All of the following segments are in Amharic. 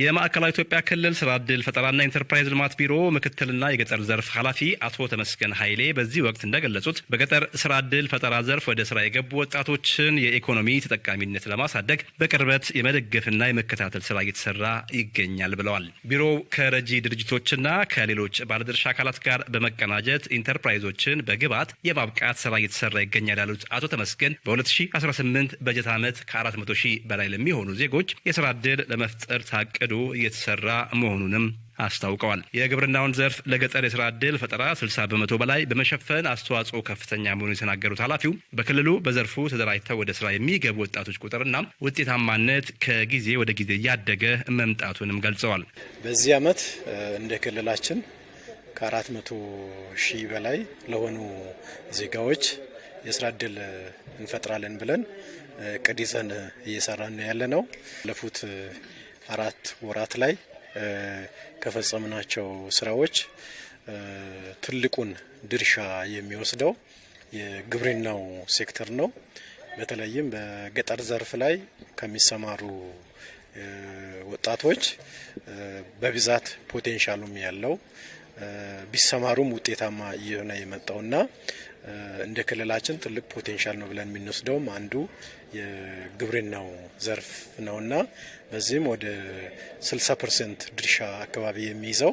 የማዕከላዊ ኢትዮጵያ ክልል ስራ ዕድል ፈጠራና ኢንተርፕራይዝ ልማት ቢሮ ምክትልና የገጠር ዘርፍ ኃላፊ አቶ ተመስገን ኃይሌ በዚህ ወቅት እንደገለጹት በገጠር ስራ ዕድል ፈጠራ ዘርፍ ወደ ስራ የገቡ ወጣቶችን የኢኮኖሚ ተጠቃሚነት ለማሳደግ በቅርበት የመደገፍና የመከታተል ስራ እየተሰራ ይገኛል ብለዋል። ቢሮው ከረጂ ድርጅቶችና ከሌሎች ባለድርሻ አካላት ጋር በመቀናጀት ኢንተርፕራይዞችን በግብዓት የማብቃት ስራ እየተሰራ ይገኛል ያሉት አቶ ተመስገን በ2018 በጀት ዓመት ከ400 ሺህ በላይ ለሚሆኑ ዜጎች የስራ ዕድል ለመፍጠር ታቅ ታቅዶ እየተሰራ መሆኑንም አስታውቀዋል። የግብርናውን ዘርፍ ለገጠር የስራ ዕድል ፈጠራ 60 በመቶ በላይ በመሸፈን አስተዋጽኦ ከፍተኛ መሆኑን የተናገሩት ኃላፊው በክልሉ በዘርፉ ተደራጅተው ወደ ስራ የሚገቡ ወጣቶች ቁጥርና ውጤታማነት ከጊዜ ወደ ጊዜ እያደገ መምጣቱንም ገልጸዋል። በዚህ ዓመት እንደ ክልላችን ከአራት መቶ ሺህ በላይ ለሆኑ ዜጋዎች የስራ ዕድል እንፈጥራለን ብለን ቅድ ይዘን እየሰራን ያለ ነው ለፉት አራት ወራት ላይ ከፈጸምናቸው ስራዎች ትልቁን ድርሻ የሚወስደው የግብርናው ሴክተር ነው። በተለይም በገጠር ዘርፍ ላይ ከሚሰማሩ ወጣቶች በብዛት ፖቴንሻሉም ያለው ቢሰማሩም ውጤታማ እየሆነ የመጣውና እንደ ክልላችን ትልቅ ፖቴንሻል ነው ብለን የምንወስደውም አንዱ የግብርናው ዘርፍ ነውና በዚህም ወደ 60 ፐርሰንት ድርሻ አካባቢ የሚይዘው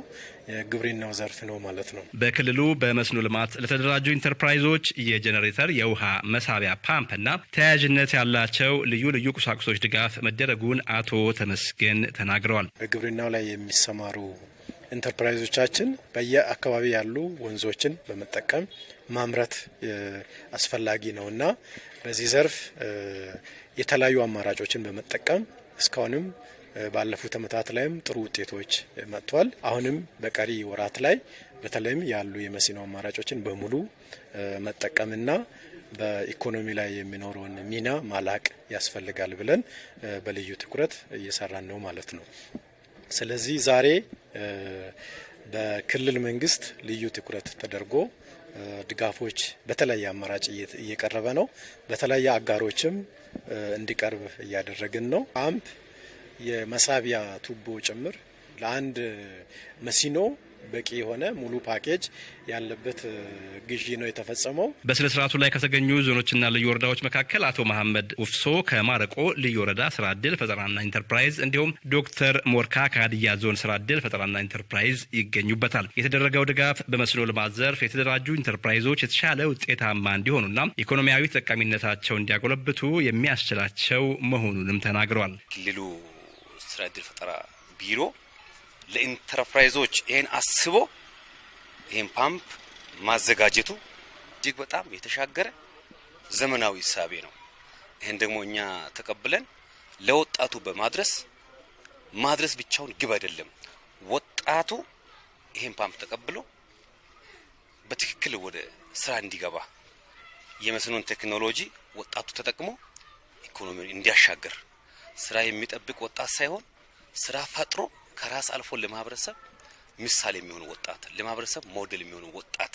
የግብርናው ዘርፍ ነው ማለት ነው። በክልሉ በመስኖ ልማት ለተደራጁ ኢንተርፕራይዞች የጄኔሬተር የውሃ መሳቢያ ፓምፕ እና ተያያዥነት ያላቸው ልዩ ልዩ ቁሳቁሶች ድጋፍ መደረጉን አቶ ተመስገን ተናግረዋል። በግብርናው ላይ የሚሰማሩ ኢንተርፕራይዞቻችን በየአካባቢ ያሉ ወንዞችን በመጠቀም ማምረት አስፈላጊ ነው እና በዚህ ዘርፍ የተለያዩ አማራጮችን በመጠቀም እስካሁንም ባለፉት ዓመታት ላይም ጥሩ ውጤቶች መጥቷል። አሁንም በቀሪ ወራት ላይ በተለይም ያሉ የመስኖ አማራጮችን በሙሉ መጠቀምና በኢኮኖሚ ላይ የሚኖረውን ሚና ማላቅ ያስፈልጋል ብለን በልዩ ትኩረት እየሰራን ነው ማለት ነው። ስለዚህ ዛሬ በክልል መንግስት ልዩ ትኩረት ተደርጎ ድጋፎች በተለያየ አማራጭ እየቀረበ ነው። በተለያየ አጋሮችም እንዲቀርብ እያደረግን ነው። አምፕ የመሳቢያ ቱቦ ጭምር ለአንድ መሲኖ በቂ የሆነ ሙሉ ፓኬጅ ያለበት ግዢ ነው የተፈጸመው። በስነ ስርዓቱ ላይ ከተገኙ ዞኖችና ልዩ ወረዳዎች መካከል አቶ መሐመድ ውፍሶ ከማረቆ ልዩ ወረዳ ስራ እድል ፈጠራና ኢንተርፕራይዝ እንዲሁም ዶክተር ሞርካ ከሀዲያ ዞን ስራ እድል ፈጠራና ኢንተርፕራይዝ ይገኙበታል። የተደረገው ድጋፍ በመስኖ ልማት ዘርፍ የተደራጁ ኢንተርፕራይዞች የተሻለ ውጤታማ እንዲሆኑና ኢኮኖሚያዊ ተጠቃሚነታቸው እንዲያጎለብቱ የሚያስችላቸው መሆኑንም ተናግረዋል። ክልሉ ስራ እድል ፈጠራ ቢሮ ለኢንተርፕራይዞች ይሄን አስቦ ይሄን ፓምፕ ማዘጋጀቱ እጅግ በጣም የተሻገረ ዘመናዊ እሳቤ ነው። ይህን ደግሞ እኛ ተቀብለን ለወጣቱ በማድረስ ማድረስ ብቻውን ግብ አይደለም። ወጣቱ ይሄን ፓምፕ ተቀብሎ በትክክል ወደ ስራ እንዲገባ የመስኖን ቴክኖሎጂ ወጣቱ ተጠቅሞ ኢኮኖሚውን እንዲያሻገር ስራ የሚጠብቅ ወጣት ሳይሆን ስራ ፈጥሮ ከራስ አልፎ ለማህበረሰብ ምሳሌ የሚሆኑ ወጣት ለማህበረሰብ ሞዴል የሚሆኑ ወጣት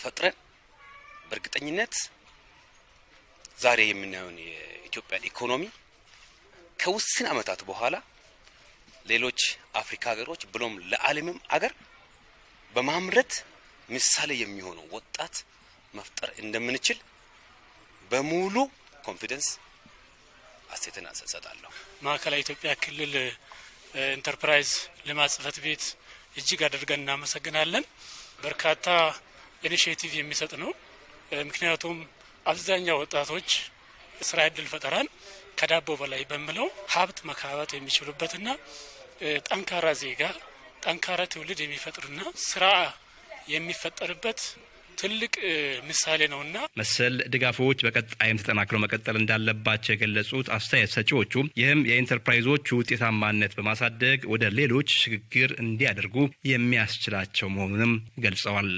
ፈጥረን በእርግጠኝነት ዛሬ የምናየውን የኢትዮጵያን ኢኮኖሚ ከውስን ዓመታት በኋላ ሌሎች አፍሪካ ሀገሮች ብሎም ለዓለምም አገር በማምረት ምሳሌ የሚሆኑ ወጣት መፍጠር እንደምንችል በሙሉ ኮንፊደንስ አሴትን እሰጣለሁ። ማዕከላዊ ኢትዮጵያ ክልል ኢንተርፕራይዝ ልማት ጽህፈት ቤት እጅግ አድርገን እናመሰግናለን። በርካታ ኢኒሽቲቭ የሚሰጥ ነው። ምክንያቱም አብዛኛው ወጣቶች ስራ እድል ፈጠራን ከዳቦ በላይ በምለው ሀብት መካባት የሚችሉበትና ጠንካራ ዜጋ ጠንካራ ትውልድ የሚፈጥርና ስራ የሚፈጠርበት ትልቅ ምሳሌ ነው እና መሰል ድጋፎች በቀጣይም ተጠናክሮ መቀጠል እንዳለባቸው የገለጹት አስተያየት ሰጪዎቹ ይህም የኢንተርፕራይዞቹ ውጤታማነት በማሳደግ ወደ ሌሎች ሽግግር እንዲያደርጉ የሚያስችላቸው መሆኑንም ገልጸዋል።